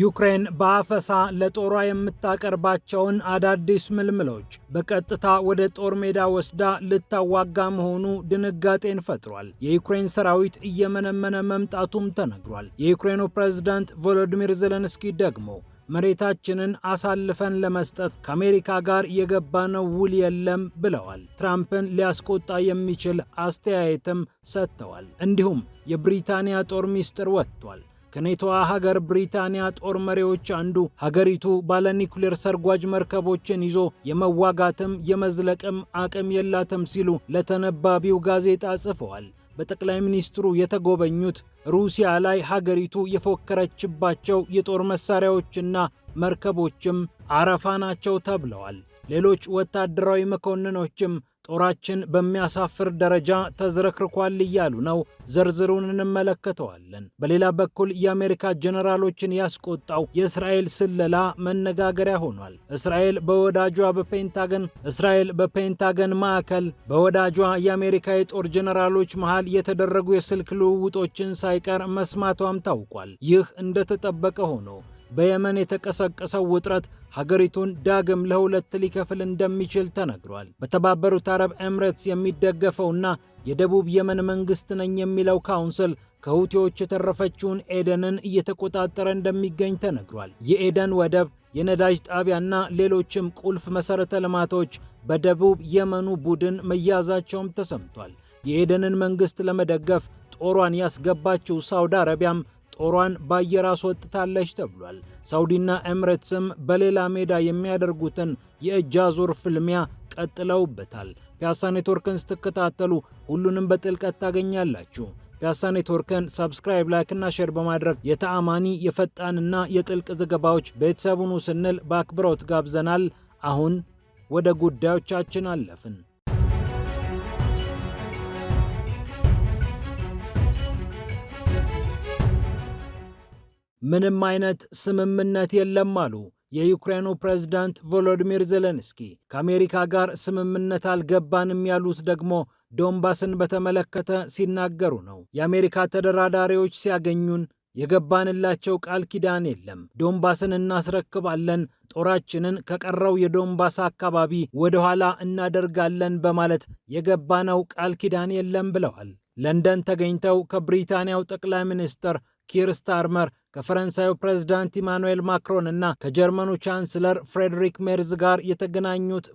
ዩክሬን በአፈሳ ለጦሯ የምታቀርባቸውን አዳዲስ ምልምሎች በቀጥታ ወደ ጦር ሜዳ ወስዳ ልታዋጋ መሆኑ ድንጋጤን ፈጥሯል። የዩክሬን ሰራዊት እየመነመነ መምጣቱም ተነግሯል። የዩክሬኑ ፕሬዝዳንት ቮሎዲሚር ዜሌንስኪ ደግሞ መሬታችንን አሳልፈን ለመስጠት ከአሜሪካ ጋር የገባነው ውል የለም ብለዋል። ትራምፕን ሊያስቆጣ የሚችል አስተያየትም ሰጥተዋል። እንዲሁም የብሪታንያ ጦር ሚስጥር ወጥቷል። ከኔቶዋ ሀገር ብሪታንያ ጦር መሪዎች አንዱ ሀገሪቱ ባለ ኒውክሌር ሰርጓጅ መርከቦችን ይዞ የመዋጋትም የመዝለቅም አቅም የላትም ሲሉ ለተነባቢው ጋዜጣ ጽፈዋል። በጠቅላይ ሚኒስትሩ የተጎበኙት ሩሲያ ላይ ሀገሪቱ የፎከረችባቸው የጦር መሳሪያዎችና መርከቦችም አረፋ ናቸው ተብለዋል። ሌሎች ወታደራዊ መኮንኖችም ጦራችን በሚያሳፍር ደረጃ ተዝረክርኳል እያሉ ነው። ዝርዝሩን እንመለከተዋለን። በሌላ በኩል የአሜሪካ ጀነራሎችን ያስቆጣው የእስራኤል ስለላ መነጋገሪያ ሆኗል። እስራኤል በወዳጇ በፔንታገን እስራኤል በፔንታገን ማዕከል በወዳጇ የአሜሪካ የጦር ጀነራሎች መሃል የተደረጉ የስልክ ልውውጦችን ሳይቀር መስማቷም ታውቋል። ይህ እንደተጠበቀ ሆኖ በየመን የተቀሰቀሰው ውጥረት ሀገሪቱን ዳግም ለሁለት ሊከፍል እንደሚችል ተነግሯል። በተባበሩት አረብ ኤምሬትስ የሚደገፈውና የደቡብ የመን መንግስት ነኝ የሚለው ካውንስል ከሁቲዎች የተረፈችውን ኤደንን እየተቆጣጠረ እንደሚገኝ ተነግሯል። የኤደን ወደብ፣ የነዳጅ ጣቢያና ሌሎችም ቁልፍ መሠረተ ልማቶች በደቡብ የመኑ ቡድን መያዛቸውም ተሰምቷል። የኤደንን መንግሥት ለመደገፍ ጦሯን ያስገባችው ሳውዲ አረቢያም ጦሯን በአየር አስወጥታለች ተብሏል። ሳውዲና ኤምሬትስም በሌላ ሜዳ የሚያደርጉትን የእጅ አዙር ፍልሚያ ቀጥለውበታል። ፒያሳ ኔትወርክን ስትከታተሉ ሁሉንም በጥልቀት ታገኛላችሁ። ፒያሳ ኔትወርክን ሰብስክራይብ፣ ላይክና ሼር በማድረግ የተአማኒ የፈጣንና የጥልቅ ዘገባዎች ቤተሰቡን ስንል በአክብሮት ጋብዘናል። አሁን ወደ ጉዳዮቻችን አለፍን። ምንም አይነት ስምምነት የለም አሉ የዩክሬኑ ፕሬዝዳንት ቮሎዲሚር ዜሌንስኪ። ከአሜሪካ ጋር ስምምነት አልገባንም ያሉት ደግሞ ዶንባስን በተመለከተ ሲናገሩ ነው። የአሜሪካ ተደራዳሪዎች ሲያገኙን የገባንላቸው ቃል ኪዳን የለም። ዶንባስን እናስረክባለን፣ ጦራችንን ከቀረው የዶንባስ አካባቢ ወደኋላ እናደርጋለን በማለት የገባነው ቃል ኪዳን የለም ብለዋል። ለንደን ተገኝተው ከብሪታንያው ጠቅላይ ሚኒስትር ኪር ስታርመር ከፈረንሳዩ ፕሬዝዳንት ኢማኑኤል ማክሮን እና ከጀርመኑ ቻንስለር ፍሬድሪክ ሜርዝ ጋር የተገናኙት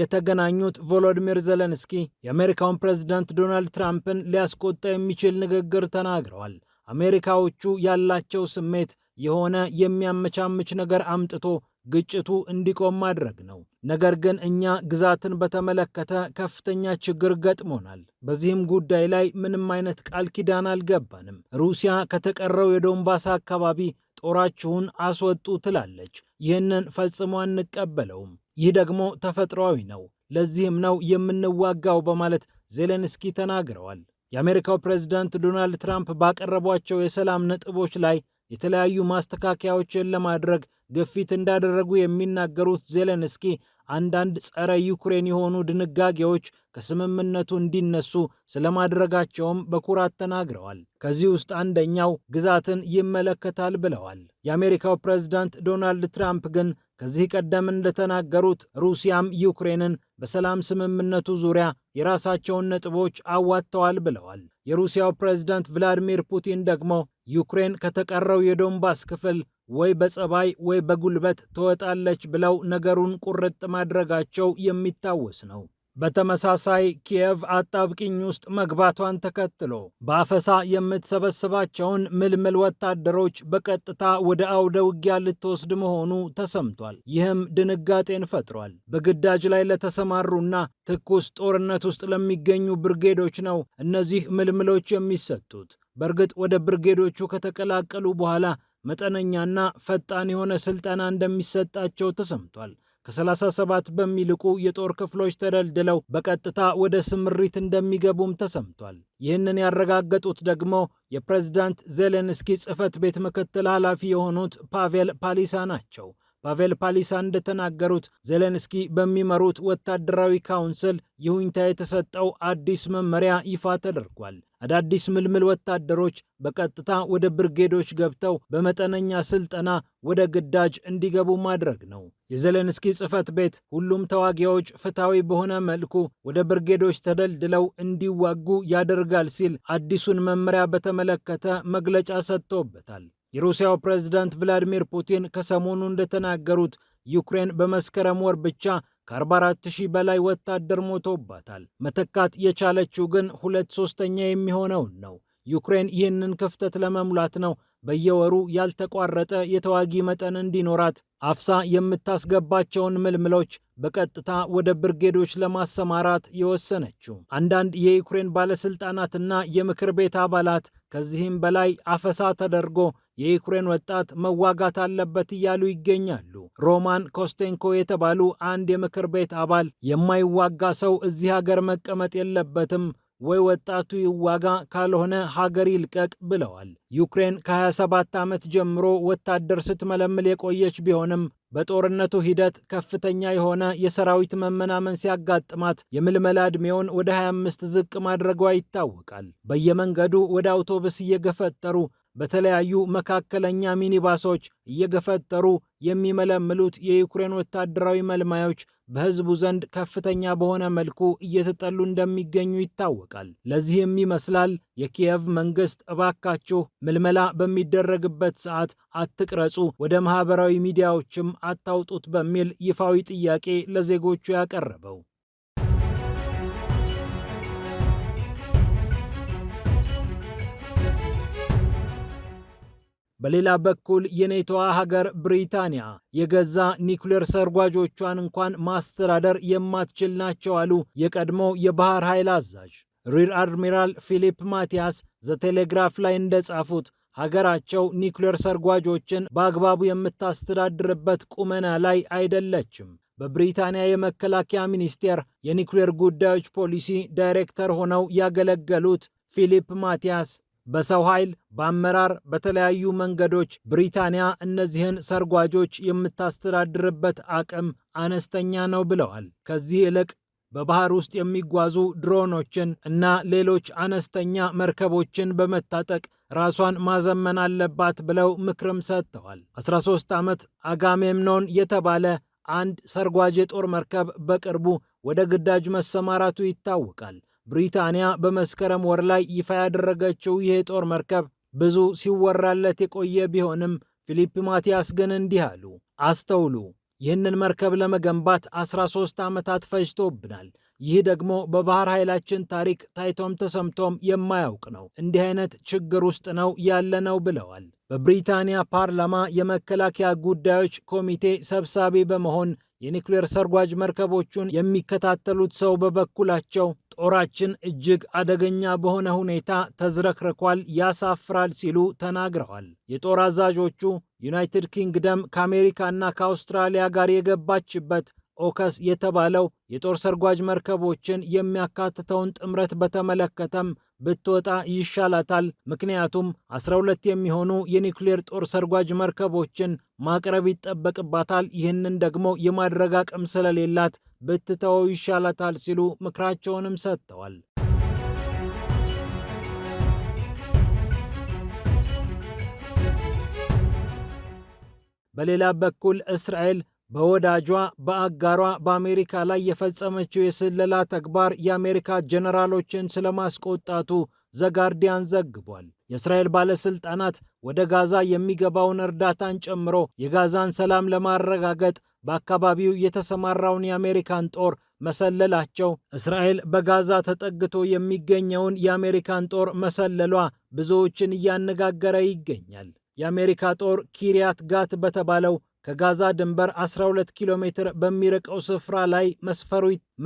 የተገናኙት ቮሎዲሚር ዘለንስኪ የአሜሪካውን ፕሬዝዳንት ዶናልድ ትራምፕን ሊያስቆጣ የሚችል ንግግር ተናግረዋል። አሜሪካዎቹ ያላቸው ስሜት የሆነ የሚያመቻምች ነገር አምጥቶ ግጭቱ እንዲቆም ማድረግ ነው። ነገር ግን እኛ ግዛትን በተመለከተ ከፍተኛ ችግር ገጥሞናል። በዚህም ጉዳይ ላይ ምንም አይነት ቃል ኪዳን አልገባንም። ሩሲያ ከተቀረው የዶንባስ አካባቢ ጦራችሁን አስወጡ ትላለች። ይህንን ፈጽሞ አንቀበለውም። ይህ ደግሞ ተፈጥሯዊ ነው። ለዚህም ነው የምንዋጋው በማለት ዜሌንስኪ ተናግረዋል። የአሜሪካው ፕሬዝዳንት ዶናልድ ትራምፕ ባቀረቧቸው የሰላም ነጥቦች ላይ የተለያዩ ማስተካከያዎችን ለማድረግ ግፊት እንዳደረጉ የሚናገሩት ዜሌንስኪ አንዳንድ ጸረ ዩክሬን የሆኑ ድንጋጌዎች ከስምምነቱ እንዲነሱ ስለማድረጋቸውም በኩራት ተናግረዋል። ከዚህ ውስጥ አንደኛው ግዛትን ይመለከታል ብለዋል። የአሜሪካው ፕሬዝዳንት ዶናልድ ትራምፕ ግን ከዚህ ቀደም እንደተናገሩት ሩሲያም ዩክሬንን በሰላም ስምምነቱ ዙሪያ የራሳቸውን ነጥቦች አዋጥተዋል ብለዋል። የሩሲያው ፕሬዝዳንት ቭላዲሚር ፑቲን ደግሞ ዩክሬን ከተቀረው የዶንባስ ክፍል ወይ በጸባይ ወይ በጉልበት ትወጣለች ብለው ነገሩን ቁርጥ ማድረጋቸው የሚታወስ ነው። በተመሳሳይ ኪየቭ አጣብቂኝ ውስጥ መግባቷን ተከትሎ በአፈሳ የምትሰበስባቸውን ምልምል ወታደሮች በቀጥታ ወደ አውደ ውጊያ ልትወስድ መሆኑ ተሰምቷል። ይህም ድንጋጤን ፈጥሯል። በግዳጅ ላይ ለተሰማሩና ትኩስ ጦርነት ውስጥ ለሚገኙ ብርጌዶች ነው እነዚህ ምልምሎች የሚሰጡት። በእርግጥ ወደ ብርጌዶቹ ከተቀላቀሉ በኋላ መጠነኛና ፈጣን የሆነ ስልጠና እንደሚሰጣቸው ተሰምቷል። ከ37 በሚልቁ የጦር ክፍሎች ተደልድለው በቀጥታ ወደ ስምሪት እንደሚገቡም ተሰምቷል። ይህንን ያረጋገጡት ደግሞ የፕሬዝዳንት ዜሌንስኪ ጽህፈት ቤት ምክትል ኃላፊ የሆኑት ፓቬል ፓሊሳ ናቸው። ፓቬል ፓሊሳ እንደተናገሩት ዜሌንስኪ በሚመሩት ወታደራዊ ካውንስል ይሁኝታ የተሰጠው አዲስ መመሪያ ይፋ ተደርጓል። አዳዲስ ምልምል ወታደሮች በቀጥታ ወደ ብርጌዶች ገብተው በመጠነኛ ስልጠና ወደ ግዳጅ እንዲገቡ ማድረግ ነው። የዜሌንስኪ ጽሕፈት ቤት ሁሉም ተዋጊዎች ፍትሐዊ በሆነ መልኩ ወደ ብርጌዶች ተደልድለው እንዲዋጉ ያደርጋል ሲል አዲሱን መመሪያ በተመለከተ መግለጫ ሰጥቶበታል። የሩሲያው ፕሬዝዳንት ቭላዲሚር ፑቲን ከሰሞኑ እንደተናገሩት ዩክሬን በመስከረም ወር ብቻ ከ44 ሺህ በላይ ወታደር ሞቶባታል። መተካት የቻለችው ግን ሁለት ሶስተኛ የሚሆነውን ነው። ዩክሬን ይህንን ክፍተት ለመሙላት ነው በየወሩ ያልተቋረጠ የተዋጊ መጠን እንዲኖራት አፍሳ የምታስገባቸውን ምልምሎች በቀጥታ ወደ ብርጌዶች ለማሰማራት የወሰነችው። አንዳንድ የዩክሬን ባለሥልጣናትና የምክር ቤት አባላት ከዚህም በላይ አፈሳ ተደርጎ የዩክሬን ወጣት መዋጋት አለበት እያሉ ይገኛሉ። ሮማን ኮስቴንኮ የተባሉ አንድ የምክር ቤት አባል የማይዋጋ ሰው እዚህ ሀገር መቀመጥ የለበትም ወይ ወጣቱ ይዋጋ ካልሆነ ሀገር ይልቀቅ ብለዋል። ዩክሬን ከ27 ዓመት ጀምሮ ወታደር ስትመለምል የቆየች ቢሆንም በጦርነቱ ሂደት ከፍተኛ የሆነ የሰራዊት መመናመን ሲያጋጥማት የምልመላ ዕድሜውን ወደ 25 ዝቅ ማድረጓ ይታወቃል። በየመንገዱ ወደ አውቶቡስ እየገፈጠሩ በተለያዩ መካከለኛ ሚኒባሶች እየገፈጠሩ የሚመለምሉት የዩክሬን ወታደራዊ መልማዮች በህዝቡ ዘንድ ከፍተኛ በሆነ መልኩ እየተጠሉ እንደሚገኙ ይታወቃል። ለዚህም ይመስላል የኪየቭ መንግስት እባካችሁ ምልመላ በሚደረግበት ሰዓት አትቅረጹ፣ ወደ ማህበራዊ ሚዲያዎችም አታውጡት በሚል ይፋዊ ጥያቄ ለዜጎቹ ያቀረበው። በሌላ በኩል የኔቶዋ ሀገር ብሪታንያ የገዛ ኒኩሌር ሰርጓጆቿን እንኳን ማስተዳደር የማትችል ናቸው አሉ የቀድሞው የባህር ኃይል አዛዥ ሪር አድሚራል ፊሊፕ ማቲያስ ዘቴሌግራፍ ላይ እንደጻፉት ሀገራቸው ኒኩሌር ሰርጓጆችን በአግባቡ የምታስተዳድርበት ቁመና ላይ አይደለችም። በብሪታንያ የመከላከያ ሚኒስቴር የኒኩሌር ጉዳዮች ፖሊሲ ዳይሬክተር ሆነው ያገለገሉት ፊሊፕ ማቲያስ በሰው ኃይል፣ በአመራር፣ በተለያዩ መንገዶች ብሪታንያ እነዚህን ሰርጓጆች የምታስተዳድርበት አቅም አነስተኛ ነው ብለዋል። ከዚህ ይልቅ በባህር ውስጥ የሚጓዙ ድሮኖችን እና ሌሎች አነስተኛ መርከቦችን በመታጠቅ ራሷን ማዘመን አለባት ብለው ምክርም ሰጥተዋል። 13 ዓመት አጋሜምኖን የተባለ አንድ ሰርጓጅ የጦር መርከብ በቅርቡ ወደ ግዳጅ መሰማራቱ ይታወቃል። ብሪታንያ በመስከረም ወር ላይ ይፋ ያደረገችው ይህ ጦር መርከብ ብዙ ሲወራለት የቆየ ቢሆንም ፊሊፕ ማቲያስ ግን እንዲህ አሉ። አስተውሉ፣ ይህንን መርከብ ለመገንባት 13 ዓመታት ፈጅቶብናል። ይህ ደግሞ በባህር ኃይላችን ታሪክ ታይቶም ተሰምቶም የማያውቅ ነው። እንዲህ አይነት ችግር ውስጥ ነው ያለነው ብለዋል። በብሪታንያ ፓርላማ የመከላከያ ጉዳዮች ኮሚቴ ሰብሳቢ በመሆን የኒውክሌር ሰርጓጅ መርከቦቹን የሚከታተሉት ሰው በበኩላቸው ጦራችን እጅግ አደገኛ በሆነ ሁኔታ ተዝረክርኳል፣ ያሳፍራል ሲሉ ተናግረዋል። የጦር አዛዦቹ ዩናይትድ ኪንግደም ከአሜሪካና ከአውስትራሊያ ጋር የገባችበት ኦከስ የተባለው የጦር ሰርጓጅ መርከቦችን የሚያካትተውን ጥምረት በተመለከተም ብትወጣ ይሻላታል። ምክንያቱም 12 የሚሆኑ የኒውክሌር ጦር ሰርጓጅ መርከቦችን ማቅረብ ይጠበቅባታል። ይህንን ደግሞ የማድረግ አቅም ስለሌላት ብትተወው ይሻላታል ሲሉ ምክራቸውንም ሰጥተዋል። በሌላ በኩል እስራኤል በወዳጇ በአጋሯ በአሜሪካ ላይ የፈጸመችው የስለላ ተግባር የአሜሪካ ጀነራሎችን ስለማስቆጣቱ ዘጋርዲያን ዘግቧል። የእስራኤል ባለሥልጣናት ወደ ጋዛ የሚገባውን እርዳታን ጨምሮ የጋዛን ሰላም ለማረጋገጥ በአካባቢው የተሰማራውን የአሜሪካን ጦር መሰለላቸው እስራኤል በጋዛ ተጠግቶ የሚገኘውን የአሜሪካን ጦር መሰለሏ ብዙዎችን እያነጋገረ ይገኛል። የአሜሪካ ጦር ኪሪያት ጋት በተባለው ከጋዛ ድንበር 12 ኪሎ ሜትር በሚርቀው ስፍራ ላይ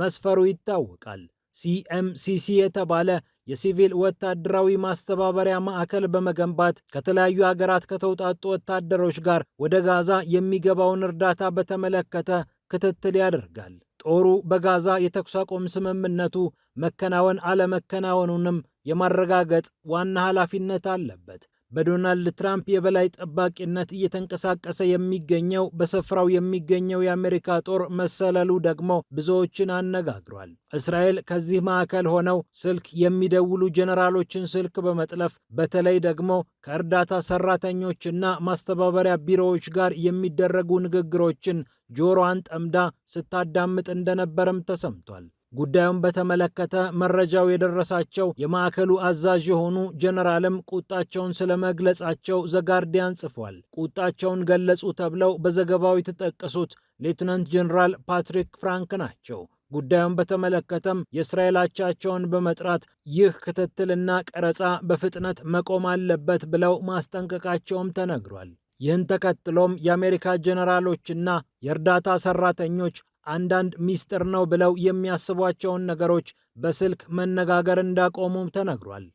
መስፈሩ ይታወቃል። ሲኤምሲሲ የተባለ የሲቪል ወታደራዊ ማስተባበሪያ ማዕከል በመገንባት ከተለያዩ ሀገራት ከተውጣጡ ወታደሮች ጋር ወደ ጋዛ የሚገባውን እርዳታ በተመለከተ ክትትል ያደርጋል። ጦሩ በጋዛ የተኩስ አቁም ስምምነቱ መከናወን አለመከናወኑንም የማረጋገጥ ዋና ኃላፊነት አለበት። በዶናልድ ትራምፕ የበላይ ጠባቂነት እየተንቀሳቀሰ የሚገኘው በስፍራው የሚገኘው የአሜሪካ ጦር መሰለሉ ደግሞ ብዙዎችን አነጋግሯል። እስራኤል ከዚህ ማዕከል ሆነው ስልክ የሚደውሉ ጀነራሎችን ስልክ በመጥለፍ በተለይ ደግሞ ከእርዳታ ሰራተኞችና ማስተባበሪያ ቢሮዎች ጋር የሚደረጉ ንግግሮችን ጆሮዋን ጠምዳ ስታዳምጥ እንደነበረም ተሰምቷል። ጉዳዩን በተመለከተ መረጃው የደረሳቸው የማዕከሉ አዛዥ የሆኑ ጀነራልም ቁጣቸውን ስለመግለጻቸው ዘጋርዲያን ጽፏል። ቁጣቸውን ገለጹ ተብለው በዘገባው የተጠቀሱት ሌትናንት ጀነራል ፓትሪክ ፍራንክ ናቸው። ጉዳዩን በተመለከተም የእስራኤል አቻቸውን በመጥራት ይህ ክትትልና ቀረጻ በፍጥነት መቆም አለበት ብለው ማስጠንቀቃቸውም ተነግሯል። ይህን ተከትሎም የአሜሪካ ጀነራሎችና የእርዳታ ሰራተኞች አንዳንድ ሚስጥር ነው ብለው የሚያስቧቸውን ነገሮች በስልክ መነጋገር እንዳቆሙም ተነግሯል።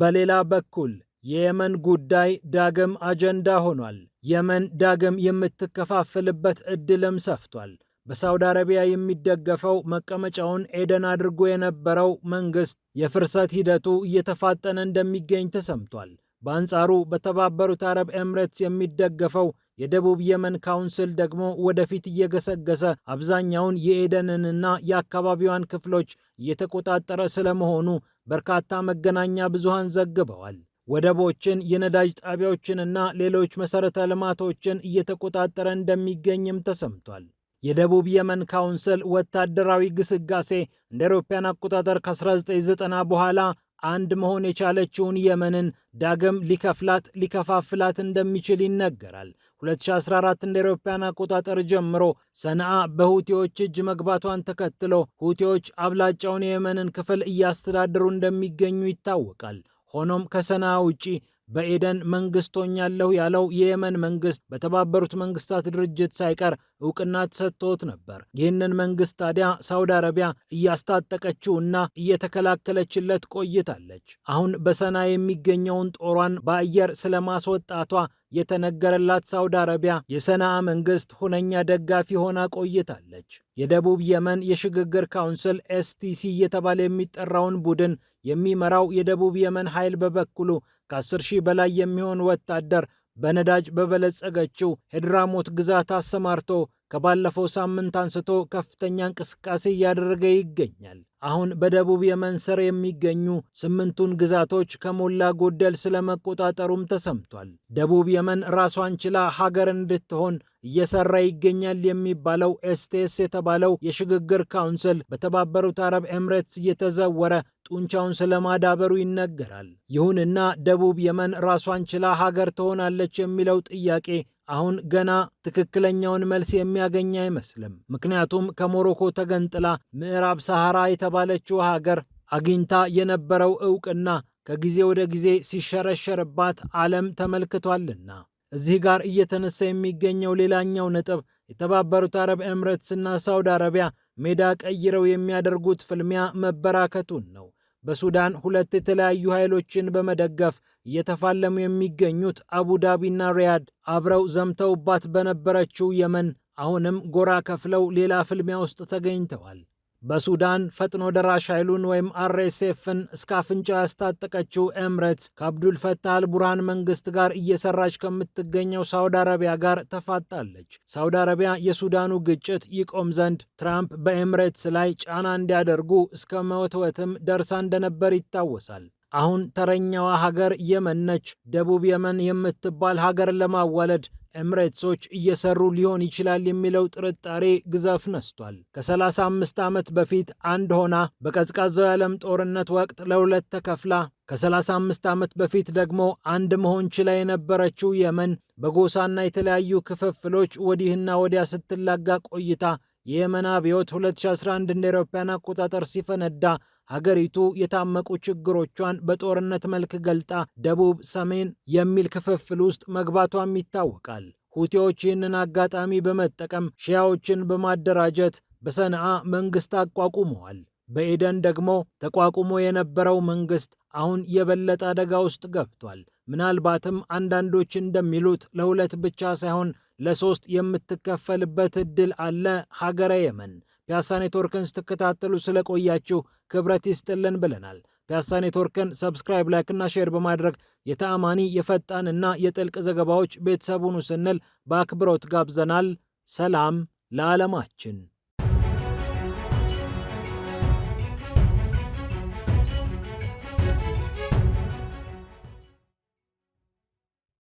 በሌላ በኩል የየመን ጉዳይ ዳግም አጀንዳ ሆኗል። የመን ዳግም የምትከፋፍልበት ዕድልም ሰፍቷል። በሳውዲ አረቢያ የሚደገፈው መቀመጫውን ኤደን አድርጎ የነበረው መንግስት የፍርሰት ሂደቱ እየተፋጠነ እንደሚገኝ ተሰምቷል። በአንጻሩ በተባበሩት አረብ ኤምሬትስ የሚደገፈው የደቡብ የመን ካውንስል ደግሞ ወደፊት እየገሰገሰ አብዛኛውን የኤደንንና የአካባቢዋን ክፍሎች እየተቆጣጠረ ስለመሆኑ በርካታ መገናኛ ብዙሃን ዘግበዋል። ወደቦችን፣ የነዳጅ ጣቢያዎችንና ሌሎች መሠረተ ልማቶችን እየተቆጣጠረ እንደሚገኝም ተሰምቷል። የደቡብ የመን ካውንስል ወታደራዊ ግስጋሴ እንደ አውሮፓውያን አቆጣጠር ከ1990 በኋላ አንድ መሆን የቻለችውን የመንን ዳግም ሊከፍላት ሊከፋፍላት እንደሚችል ይነገራል። 2014 እንደ አውሮፓውያን አቆጣጠር ጀምሮ ሰንዓ በሁቲዎች እጅ መግባቷን ተከትሎ ሁቲዎች አብላጫውን የየመንን ክፍል እያስተዳደሩ እንደሚገኙ ይታወቃል። ሆኖም ከሰንዓ ውጪ በኤደን መንግስት ሆኛለሁ ያለው የየመን መንግስት በተባበሩት መንግስታት ድርጅት ሳይቀር እውቅና ተሰጥቶት ነበር። ይህንን መንግስት ታዲያ ሳውዲ አረቢያ እያስታጠቀችው እና እየተከላከለችለት ቆይታለች። አሁን በሰና የሚገኘውን ጦሯን በአየር ስለማስወጣቷ የተነገረላት ሳውዲ አረቢያ የሰናአ መንግስት ሁነኛ ደጋፊ ሆና ቆይታለች። የደቡብ የመን የሽግግር ካውንስል ኤስቲሲ እየተባለ የሚጠራውን ቡድን የሚመራው የደቡብ የመን ኃይል በበኩሉ ከ10 ሺህ በላይ የሚሆን ወታደር በነዳጅ በበለጸገችው ሄድራሞት ግዛት አሰማርቶ ከባለፈው ሳምንት አንስቶ ከፍተኛ እንቅስቃሴ እያደረገ ይገኛል። አሁን በደቡብ የመን ስር የሚገኙ ስምንቱን ግዛቶች ከሞላ ጎደል ስለመቆጣጠሩም ተሰምቷል። ደቡብ የመን ራሷን ችላ ሀገር እንድትሆን እየሰራ ይገኛል የሚባለው ኤስቴስ የተባለው የሽግግር ካውንስል በተባበሩት አረብ ኤምሬትስ እየተዘወረ ጡንቻውን ስለማዳበሩ ይነገራል። ይሁንና ደቡብ የመን ራሷን ችላ ሀገር ትሆናለች የሚለው ጥያቄ አሁን ገና ትክክለኛውን መልስ የሚያገኝ አይመስልም። ምክንያቱም ከሞሮኮ ተገንጥላ ምዕራብ ሰሐራ የተባለችው ሀገር አግኝታ የነበረው እውቅና ከጊዜ ወደ ጊዜ ሲሸረሸርባት ዓለም ተመልክቷልና። እዚህ ጋር እየተነሳ የሚገኘው ሌላኛው ነጥብ የተባበሩት አረብ ኤምሬትስና ሳውዲ አረቢያ ሜዳ ቀይረው የሚያደርጉት ፍልሚያ መበራከቱን ነው። በሱዳን ሁለት የተለያዩ ኃይሎችን በመደገፍ እየተፋለሙ የሚገኙት አቡዳቢና ሪያድ አብረው ዘምተውባት በነበረችው የመን አሁንም ጎራ ከፍለው ሌላ ፍልሚያ ውስጥ ተገኝተዋል። በሱዳን ፈጥኖ ደራሽ ኃይሉን ወይም አርኤስኤፍን እስከ አፍንጫ ያስታጠቀችው ኤምሬትስ ከአብዱል ፈታህ አልቡርሃን መንግስት ጋር እየሰራች ከምትገኘው ሳውዲ አረቢያ ጋር ተፋጣለች። ሳውዲ አረቢያ የሱዳኑ ግጭት ይቆም ዘንድ ትራምፕ በኤምሬትስ ላይ ጫና እንዲያደርጉ እስከ መወትወትም ደርሳ እንደነበር ይታወሳል። አሁን ተረኛዋ ሀገር የመን ነች። ደቡብ የመን የምትባል ሀገር ለማዋለድ ኤምሬትሶች እየሰሩ ሊሆን ይችላል የሚለው ጥርጣሬ ግዘፍ ነስቷል። ከ35 ዓመት በፊት አንድ ሆና በቀዝቃዛው የዓለም ጦርነት ወቅት ለሁለት ተከፍላ ከ35 ዓመት በፊት ደግሞ አንድ መሆን ችላ የነበረችው የመን በጎሳና የተለያዩ ክፍፍሎች ወዲህና ወዲያ ስትላጋ ቆይታ የየመን አብዮት 2011 እንደ አውሮፓውያን አቆጣጠር ሲፈነዳ ሀገሪቱ የታመቁ ችግሮቿን በጦርነት መልክ ገልጣ ደቡብ፣ ሰሜን የሚል ክፍፍል ውስጥ መግባቷም ይታወቃል። ሁቲዎች ይህንን አጋጣሚ በመጠቀም ሺያዎችን በማደራጀት በሰንዓ መንግስት አቋቁመዋል። በኤደን ደግሞ ተቋቁሞ የነበረው መንግስት አሁን የበለጠ አደጋ ውስጥ ገብቷል። ምናልባትም አንዳንዶች እንደሚሉት ለሁለት ብቻ ሳይሆን ለሶስት የምትከፈልበት ዕድል አለ ሀገረ የመን። ፒያሳ ኔትወርክን ስትከታተሉ ስለቆያችሁ ክብረት ይስጥልን ብለናል። ፒያሳ ኔትወርክን ሰብስክራይብ፣ ላይክና ሼር በማድረግ የተአማኒ የፈጣንና የጥልቅ ዘገባዎች ቤተሰቡን ስንል በአክብሮት ጋብዘናል። ሰላም ለዓለማችን።